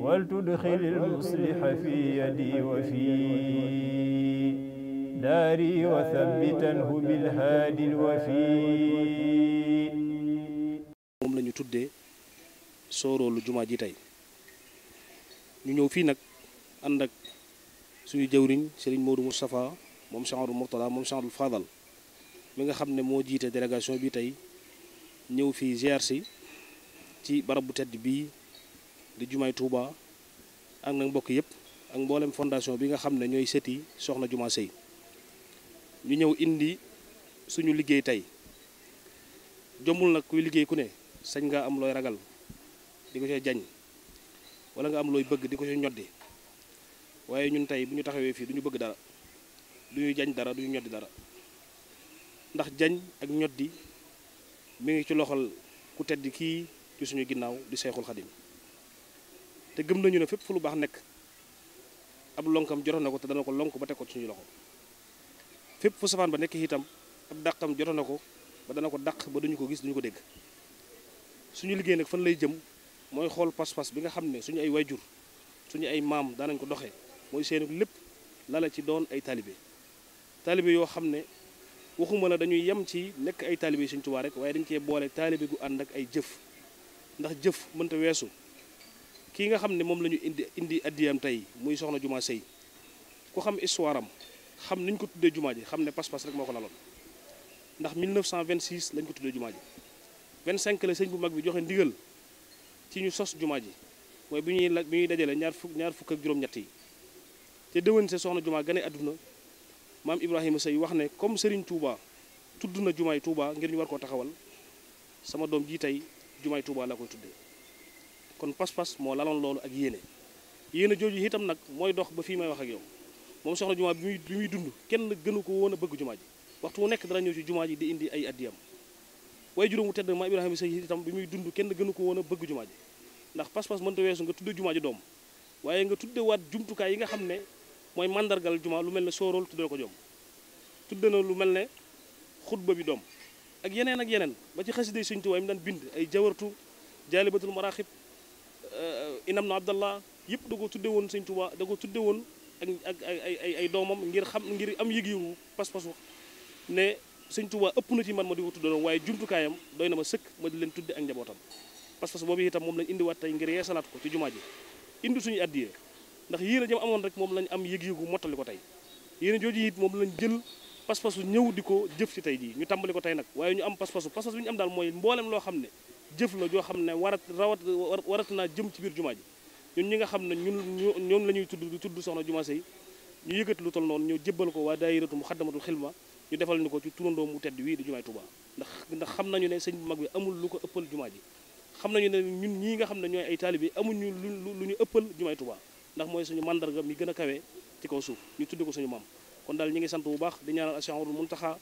ولتدخل المصلح في يدي وفي داري وثبتنه بالهادي الوفي moom la ñu tuddee sóoróolu jumaa ji tey ñu ñëw fii nag ànd ak suñu jëwriñ Serigne Modou Moustapha moom Cheikh Mourtala moom Cheikh Fadal mi nga xam ne moo jiite délégation bi tey ñëw fii ziar ci barab tedd bi di jumaay Touba ak nag mbokk yëpp ak mboolem fondation bi nga xam ne ñooy sëti soxna Juma Sëy ñu ñëw indi suñu liggéey tey jombul nag kuy liggéey ku ne sañ nga am looy ragal di ko see jañ wala nga am looy bëgg di ko see ñoddi waaye ñun tey bu ñu taxawee fii du ñu bëgg dara du ñu jañ dara du ñu ñoddi dara ndax jañ ak ñoddi mu ngi ci loxol ku tedd kii ci suñu ginnaaw di Seexul Xadim te gëm nañu ne fépp fu lu baax nekk ab lonkam jotoon na ko te dana ko lonk ba teg ko ci suñu loxo fépp fu safaan ba nekk itam ab dàqam jotoon na ko ba dana ko dàq ba duñu ko gis ñu ko dégg suñu liggéey nag fan lay jëm mooy xool pas-pas bi nga xam ne suñu ay waajur suñu ay maam daanañ ko doxee mooy seen lépp la la ci doon ay taalibe taalibe yoo xam ne waxuma la dañuy yem ci nekk ay taalibe Sëñ Tuubaa rek waaye dañ cee boole taalibee gu ànd ak ay jëf ndax jëf mënta weesu kii nga xam ne moom la ñu indi indi addiyam tey muy soxna Juma Sëy ku xam histoire am xam niñ ko tuddee jumaa ji xam ne pas-pas rek moo ko laloon ndax 1926 lañ ko tuddee jumaa ji 25 la sëñ bu mag bi joxe ndigal ci ñu sos jumaa ji mooy bi ñuy la bi ñuy dajale ñaar fukk ñaar fukk ak juróom-ñett yi te déwén sa soxna jumaa gane àdduna maam Ibrahima Sëy wax ne comme Serigne Touba tudd na jumaay Touba ngir ñu war koo taxawal sama doom jii tey jumaay Touba laa koy tuddee. kon pas-pas moo laloon loolu ak yéene yéene jooju itam nag mooy dox ba fii may wax ak yow moom soxna jumaa bi muy muy dund kenn gënu ko woon a bëgg jumaa ji waxtu wu nekk dara ñëw ci jumaa di indi ay addiyam waaye juróom wu tedd ma Ibrahima Sëy itam bi muy dund kenn gënu ko woon bëgg jumaa ndax pas-pas mënta weesu nga tudde jumaa ji doom waaye nga tudde waat jumtukaay yi nga xam ne mooy màndargal jumaa lu mel ne sóoróol tudde ko jom tudde na lu mel ne xutba bi doom ak yeneen ak yeneen ba ci xasida Sëñ Tuubaa mi daan bind ay jawartu jaalibatul maraaxib Eh, eh, inam na abdallah yëpp da ko tudde woon sëñ Tuubaa da ko tudde woon ak ak ay ay ay doomam ngir xam ngir am yëg-yëgu pas-pasu ne sëñ Tuubaa ëpp na ci man ma di ko tudde waaye jumtukaayam doy na ma sëkk ma di leen tudde ak njabootam pas-pas boobu itam moom lañ indiwaat tey ngir yeesalaat ko ci jumaa ji indi suñu addiye ndax yéen a jëm amoon rek moom lañ am yëg-yëgu mottali ko tey yéen a jooju it moom lañ jël pas-pasu ñëw di ko jëf ci tey jii ñu tàmbali ko tey nag waaye ñu am pas-pasu ñu am daal mooy mboolem loo xam ne jëf la joo xam ne warat rawat warat naa jëm ci biir jumaa ji ñun ñi nga xam ne ñun ñoom la ñuy tudd di tudd soxna Jumaa Sey ñu yëkkati lu toll noonu ñoo jébbal ko waa daayiratu Muxaddamatul Xidma ñu defal ni ko ci turandoo mu tedd wii di jumaay Tuubaa ndax ndax xam nañu ne sëñ mag bi amul lu ko ëppal jumaa ji xam nañu ne ñun ñi nga xam ne ñooy ay taalibe amuñu lu lu ñu ëppal jumaay Tuubaa ndax mooy suñu mandarga mi gën a kawe ci kaw suuf ñu tudde ko suñu maam kon daal ñi ngi sant bu baax di ñaanal Cheikh Ahmadul Muntaxa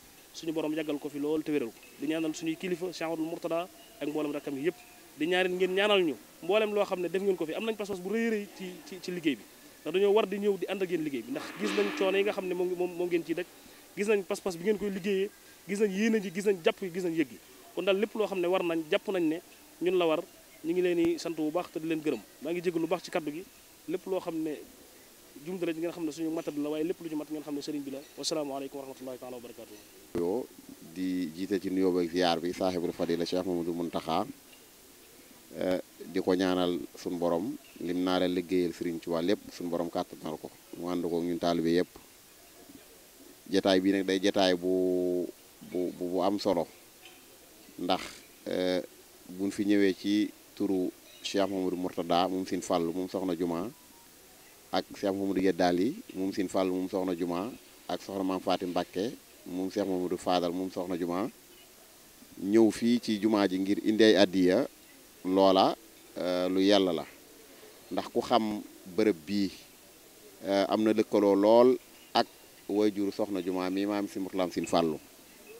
borom yàggal ko fi lool te ko di ñaanal suñuy kilifa Cheikh Ahmadul ak mboolem rakkam yi yëpp di ñaarin ngeen ñaanal ñu mboolem loo xam ne def ngeen ko fi am nañ pas-pas bu rëy rëy ci liggéey bi ndax dañoo war di ñëw di ànd ak yéen liggéey bi ndax gis nañ coono yi nga xam ne moom moom ngeen ciy daj gis nañ pas-pas bi ngeen koy liggéeyee gis nañ yéene ji gis nañ jàpp yi gis nañ yëg yi kon daal lépp loo xam ne war nañ jàpp nañ ne ñun la war ñu ngi leen di sant bu baax te di leen gërëm maa ngi jégalu lu baax ci kaddu gi lépp loo xam ne jumdale xam ne suñu matal la waaye lépp lu ñu mat ngeen di jiite ci nuyoo ak ziar bi saaxibul fadila Cheikh Mamadou Muntaxa eh, di ko ñaanal suñu borom lim naa la liggéeyal Sëriñ Tuubaa lépp suñu borom kàttanal ko mu ànd ko ñun taalibe yëpp jataay bii nag day jataay bu bu bu am solo ndax eh, buñ fi ñëwee ci turu Cheikh Mamadou Mourtada moom sin fàllu moom soxna Juma ak Cheikh Mamadou Yeddaali moom sin fàllu moom soxna Juma ak soxna Maam Faati Mbàkke moom Cheikh Mamadou Fadal moom soxna juma ñëw fii ci jumaa ji ngir indi ay addiya loola euh, lu yàlla la ndax ku xam bërëb bii euh, am na lëkkaloo lool ak wayjur soxna juma mi maam si murtalam sin fàllu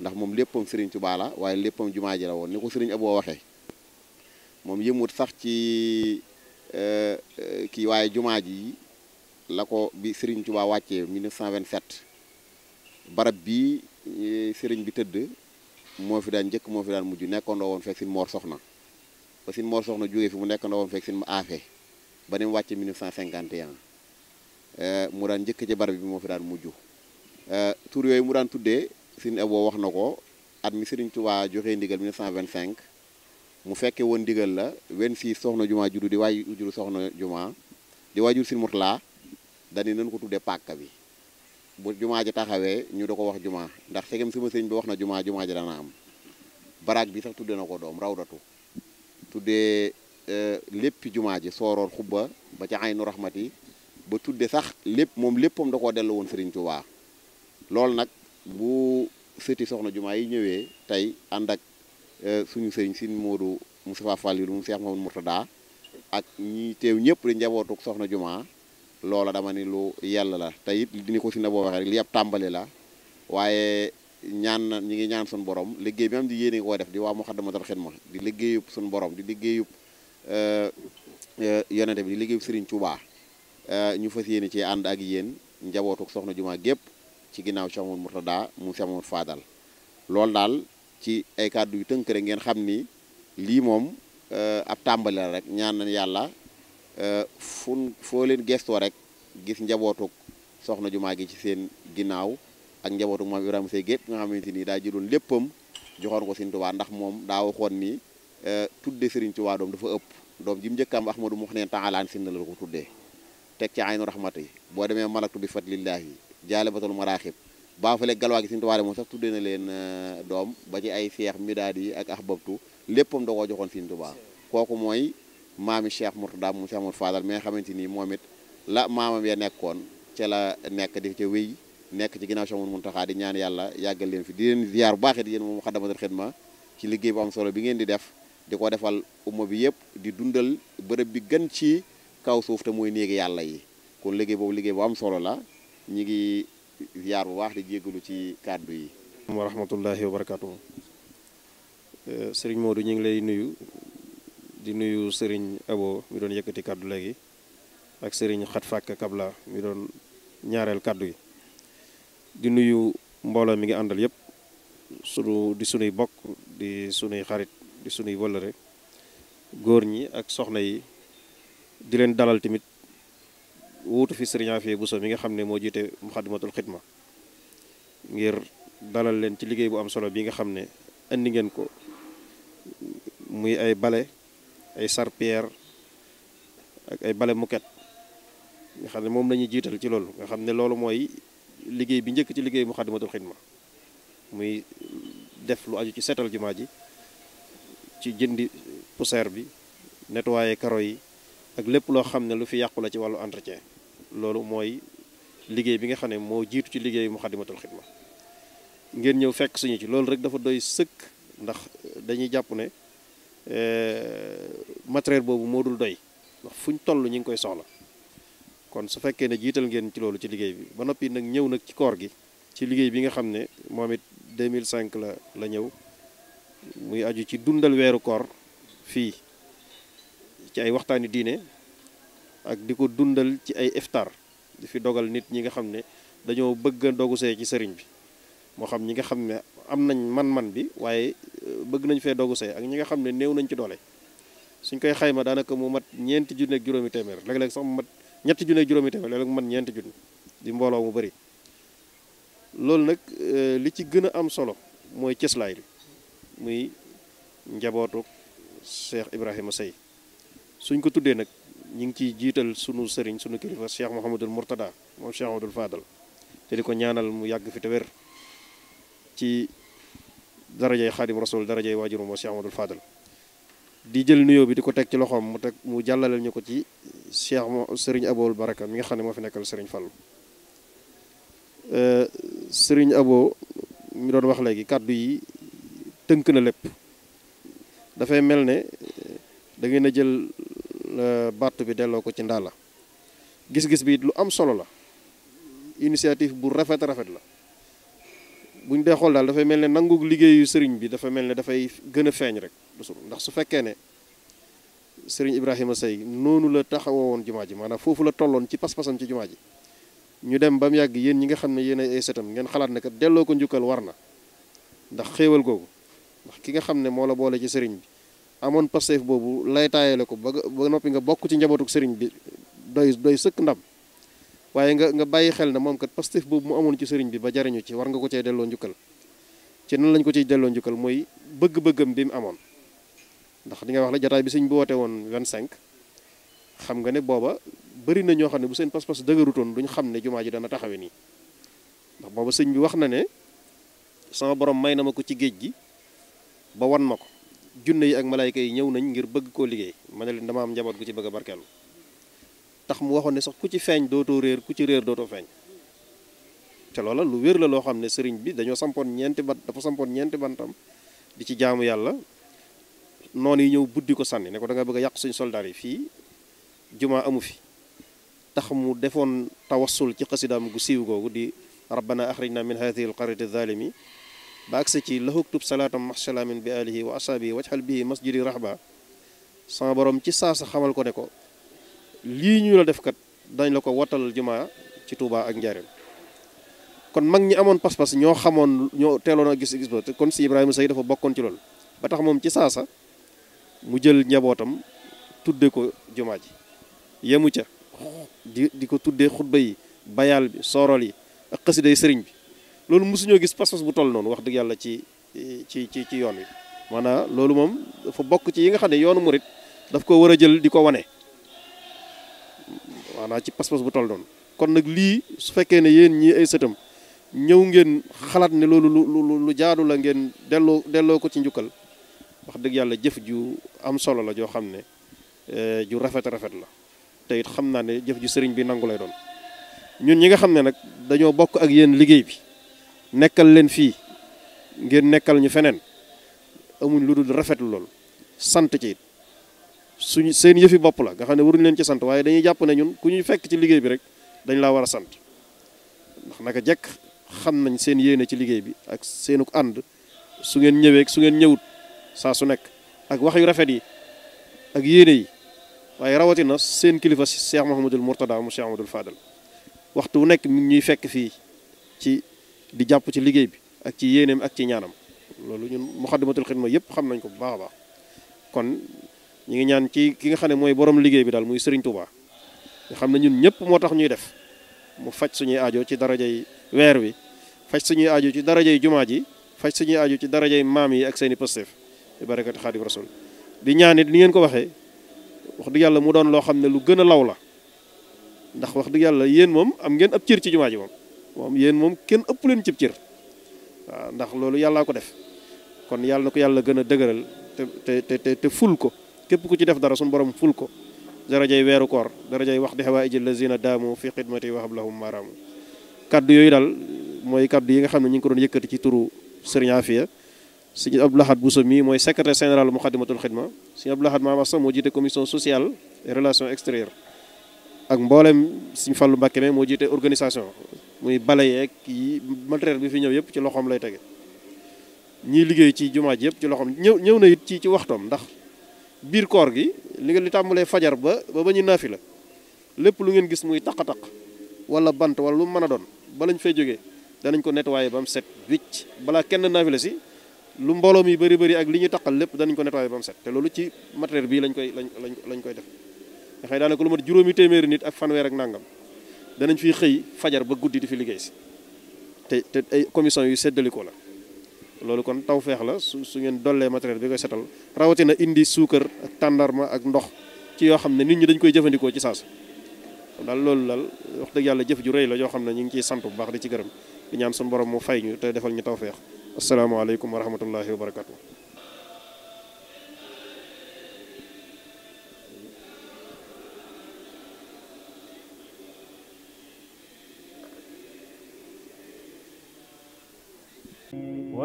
ndax moom léppam sëriñ Touba la waaye léppam jumaa ji la woon ni ko Serigne Aboo waxe moom yëmut sax ci euh, kii waaye jumaa ji la ko bi Serigne Touba wàccee 1927 barab bii eh, sëriñ bi tëdd moo fi daan njëkk moo fi daan mujj nekkandoo woon fekk sin moor soxna ba sin moor soxna jógee fi mu nekkandoo woon fekk sin mu aafe ba ni mu wàcce 1951 eh, mu daan njëkk ci barab bi moo fi daan mujj eh, tur yooyu mu daan tuddee sin eboo wax na ko at mi sëriñ Tuubaa joxee ndigal 1925 mu fekke woon ndigal la 26 soxna juma juddu di waajur soxna juma di waajur sin murtala dani nañ ko tuddee pàkk bi bu jumaa ji taxawee ñu da ko wax jumaa ndax segem suma sëñ bi wax na jumaa jumaa ji dana am baraag bi sax tudde na ko doom rawdatu tuddee e, lépp jumaa ji sooroor xubba ba ca aynu raxmati ba tuddee sax lépp moom léppom da koo dellu woon Sëriñ Tuubaa loolu nag bu sëti soxna jumaa yi ñëwee tey ànd ak e, suñu sëriñ sin Moodu Moustapha Fall yi mu Seex Mamadou Murtada ak ñi teew ñëpp di njabootuk soxna jumaa loola dama ni lu yell la te it dini ko si na boo waxee rek li ab tàmbali la waaye ñaan na ñi ngi ñaan suñu borom liggéey bi am di yéene koo def di waa Moukhaddamatoul Khidma di liggéeyub suñu borom di liggéeyub euh, euh, yonente bi di liggéeyub Serigne Touba euh, ñu fa yéene ci ànd ak yéen njabootu soxna Juma gépp ci ginnaaw Cheikh Mamadou Mourtada mu Cheikh faadal Fadal loolu daal ci ay kàddu yu tënk rek ngeen xam ni lii moom ab tàmbali la rek ñaan nañ yàlla Euh, fun foo leen gestoo rek gis njabootuk soxna jumaa gi ci seen ginnaaw ak njabootuk maam Ibrahima Seye gépp nga xamante ni daa jëloon léppam joxoon ko Sëriñ Tuubaa ndax moom daa waxoon ni euh, tudde Sëriñ Tuubaa doom dafa ëpp doom ji mu njëkk am Ahmadu Muxneen taalaan sin na la ko tuddee teg ci aynu rahmati boo demee malaktu bi fadlillaahi jaalibatul maraaxib baa fale galwaa gi Sëriñ Tuubaa moom sax tuddee na leen euh, doom ba ci ay seex midaad yi ak ahbabtu léppam da koo joxoon Sëriñ Tuubaa kooku mooy maami Cheikh Mourtada mu Cheikh Mour Fadal mi nga xamante ni moom it la maamam ya nekkoon ca la nekk di ca wéy nekk ci ginnaaw Cheikh Mour Mountakha di ñaan yàlla yàggal fi di leen ziar bu baax it yéen moom Moukhaddamatoul Khidma ci liggéey bu solo bi ngeen di def di defal umma bi yëpp di dundal bërëb bi gën ci kaw suuf te mooy néegi yàlla yi kon liggéey boobu liggéey bu am solo la ñi ngi ziar bu waax di jéggalu ci kàddu yi. wa rahmatullahi wa barakatuh Serigne Modou ñu ngi lay nuyu. di nuyu sëriñ Abo mi doon yëkkati kàddu léegi ak Serigne Xat Fàkk Kabla mi doon ñaareel kàddu yi di nuyu mbooloo mi ngi àndal yëpp sunu di sunuy bokk di sunuy xarit di sunuy wëllëre góor ñi ak soxna yi di leen dalal tamit wuutu fi Serigne bu so mi nga xam ne moo jiite Muxaddamatul ma ngir dalal leen ci liggéey bu am solo bi nga xam ne indi ngeen ko muy ay bale ay sarpierre ak ay bale moquette nga xam ne moom la jiital ci loolu nga xam ne loolu mooy liggéey bi njëkk ci liggéey Muxaddamatul Xidma muy def lu aju ci seetal jumaa ji ci jëndi poussière bi nettoyer karo yi ak lépp loo xam ne lu fi yàqu la ci wàllu entretien loolu mooy liggéey bi nga xam ne moo jiitu ci liggéey Muxaddamatul Xidma ngeen ñëw fekk suñu ci loolu rek dafa doy sëkk ndax dañuy jàpp ne Euh, matériel boobu moo dul doy ndax fu ñu toll ñu ngi koy soxla kon su fekkee ne jiital ngeen ci loolu ci liggéey bi ba noppi nag ñëw nag ci koor gi ci liggéey bi nga xam ne moom it mille cinq la la ñëw muy aju ci dundal weeru koor fii ci ay waxtaani diine ak di ko dundal ci ay iftar di fi dogal nit ñi nga xam ne dañoo bëgg a dogu see ci sëriñ bi moo xam ñi nga xam ne am nañ man-man bi waaye bëgg nañ fee dogu say ak ñi nga xam ne new nañ ci doole suñ koy xayma daanaka mu mat ñeenti junne juróomi téeméer léeg-léeg sax mu mat ñetti junne ak juróomi téeméer léeg-léeg mu mat ñeenti junne di mbooloo mu bëri loolu nag euh, li ci gën a am solo mooy cëslaay muy njabootu Cheikh Ibrahima Sey suñ ko tuddee nag ñu ngi ciy jiital sunu sëriñ sunu kilifa Cheikh Mouhamadul Mourtada moom Cheikh Mouhamadul Fadal te di ko ñaanal mu yàgg fi te wér ci darajay xaadim rasul darajay waajur moo Cheikh Amadou Fadal di jël nuyoo bi di ko teg ci loxoom mu teg mu jàllaleel ñu ko ci Cheikh mo Serigne aboo Baraka mi nga xam ne moo fi nekkal Serigne Fallou euh, Serigne aboo mi doon wax léegi kàddu yi tënk na lépp dafay mel ne da ngeen a jël euh, batt bi delloo ko ci ndaa la gis-gis bi lu am solo la initiative bu rafet rafet la buñ dee xool daal dafay mel ne nangu liggéeyu sëriñ bi dafa mel ne dafay gën a feeñ rek ndax su fekkee ne sëriñ Ibrahima Sey noonu la taxawoo woon jumaa ji maanaam foofu la tolloon ci pas-pasam ci jumaa ji ñu dem ba mu yàgg yéen ñi nga xam ne yéen ay setam ngeen xalaat ne kat delloo ko njukkal war na ndax xéewal googu ndax ki nga xam ne moo la boole ci sëriñ bi amoon pasteef boobu lay ko ba ba noppi nga bokk ci njabootuk sëriñ bi doy doy sëkk ndam waaye nga nga bàyyi xel na moom kat pastif boobu mu amoon ci sëriñ bi ba jariñu ci war nga ko cay delloo njukkal ci nan lañ ko ciy delloo njukkal mooy bëgg-bëggam bi mu amoon ndax di wax la jataay bi sëñ bi woote woon 25 xam nga ne booba bëri na ñoo xam ne bu seen pas-pas dëgërutoon duñ xam ne jumaa ji dana taxawe nii ndax booba sëñ bi wax na ne sama borom may na ma ko ci géej gi ba wan ma ko junne yi ak malaayka yi ñëw nañ ngir bëgg koo liggéey ma ne leen dama am njaboot gu ci bëgg a tax mu waxoon ne sax ku ci feeñ dootoo réer ku ci réer dootoo feeñ te loola lu wéer la loo xam ne sëriñ bi dañoo sampoon ñeenti bant dafa sampoon ñeenti bantam di ci jaamu yàlla noon yi ñëw buddi ko sànni ne ko da nga bëgg a yàq suñu soldaar yi fii jumaa amu fi tax mu defoon tawassul ci xasidaam gu siiw googu di rabbana axrijna min hadihi alqaryati zalimi ba agsi ci laxuktub salaatam maxsalaamin bi alihi wa asaabihi wajxal bihi masjidi rahba sama boroom ci saasa xamal ko ne ko lii ñu la defkat kat dañ la ko wattalal jumaa ci Touba ak Njaareem kon mag ñi amoon pas-pas ñoo xamoon ñoo teeloon a gis gis ba te kon si Ibrahima Seye dafa bokkoon ci loolu ba tax moom ci saasa mu jël njabootam tudde ko jumaa ji yemu ca di di ko tuddee xutba yi bayaal bi soorol yi ak xasiday sëriñ bi loolu mosuñoo gis pas-pas bu toll noonu wax dëgg yàlla ci ci ci ci yoon wi maanaa loolu moom dafa bokk ci yi nga xam ne yoonu murit daf ko war a jël di ko wane naa ci pas-pas bu toll doon kon nag lii su fekkee ne yéen ñii ay sëtam ñëw ngeen xalaat ne loolu lu lu jaadu la ngeen delloo delloo ko ci njukkal wax dëgg yàlla jëf ju am solo la joo xam ne eh, ju rafet rafet la te it xam naa ne jëf ju sëriñ bi nangu lay doon ñun ñi nga xam ne nag dañoo bokk ak yéen liggéey bi nekkal leen fii ngeen nekkal ñu feneen amuñ lu dul rafetlu loolu sant ci it suñu seen yëfi bopp la nga xam ne waruñu leen ci sant waaye dañuy jàpp ne ñun ku ñuy fekk ci liggéey bi rek dañ laa war a sant ndax naka jekk xam nañ seen yéene ci liggéey bi ak seenu ànd su ngeen ñëweek su ngeen ñëwut saa su nekk ak wax yu rafet yi ak yéene yi waaye rawatina seen kilifa Cheikh Mouhamadul Mourtada mu Cheikh Mouhamadul Fadal waxtu wu nekk ñuy fekk fii ci di jàpp ci liggéey bi ak ci yéeneem ak ci ñaanam loolu ñun Muxaddamatul Xidma yëpp xam nañ ko bu baax ñu ngi ñaan ci ki nga xam ne mooy borom liggéey bi daal muy Serigne Touba nga xam ne ñun ñëpp moo tax ñuy def mu faj suñuy aajo ci darajay weer wi faj suñuy aajo ci darajay jumaa ji faj suñuy aajo ci darajay maam yi ak seen i pësteef di barakati xaadim rasul di ñaan it ni ngeen ko waxee wax dëgg yàlla mu doon loo xam ne lu gën a law la ndax wax dëgg yàlla yéen moom am ngeen ab cër ci jumaa ji moom moom yéen moom kenn ëpp leen cib cër waaw ndax loolu yàllaa ko def kon yàlla ko yàlla gën a dëgëral te te te te ful ko képp ku ci def dara suñu borom ful ko darajay weeru koor darajay wax di xawaaiji lazina daamu fi xidmati wa hablahum maraamu kàddu yooyu daal mooy kaddu yi nga xam ne ñu ngi ko doon yëkkati ci turu Serigne Afia Serigne Abdou Lahad Bousso mii mooy secrétaire général Moukhaddamatoul Khidma Serigne Abdou Lahad Maam Asta moo jiite commission sociale et relations extérieures ak mboolem Serigne fallu Mbacké me moo jiite organisation muy bale yeeg yi matériel bi fi ñëw yëpp ci loxoom lay tege liggéey ci jumaa yëpp ci loxoom ñëw ñëw na it ci ci waxtoom ndax biir koor gi li nga li tàmbalee fajar ba ba ba ñu naafi la lépp lu ngeen gis muy taq-taq wala bant wala lu mën a doon ba lañ fay jógee danañ ko nettoyé ba mu set wicc balaa kenn naafi la si lu mbooloo mi bëri bëri ak li ñuy taqal lépp danañ ko nettoyé ba mu set te loolu ci matériel bi lañ koy lañ lañ lañ koy def nga xëy daanaka lu mat juróomi téeméeri nit ak fanweer ak nangam danañ fiy xëy fajar ba guddi di fi liggéey si te te ay commission yu seddalikoo la loolu kon tawfeex la su su ngeen dollee matériel bi koy setal rawatina indi suukar ak tàndarma ak ndox ci yoo xam ne nit ñi dañ koy jëfandikoo ci saas daal loolu daal wax dëgg yàlla jëf ju rëy la yoo xam ne ñu ngi ciy sant bu baax di ci gërëm di ñaan suñu borom mu fay ñu te defal ñu tawfeex asalaamaaleykum wa rahmatullahi wa barakatu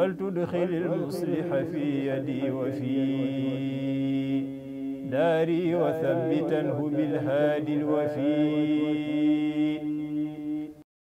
ولتدخل المصلح في يدي وفي داري وثبته بالهادي الوفي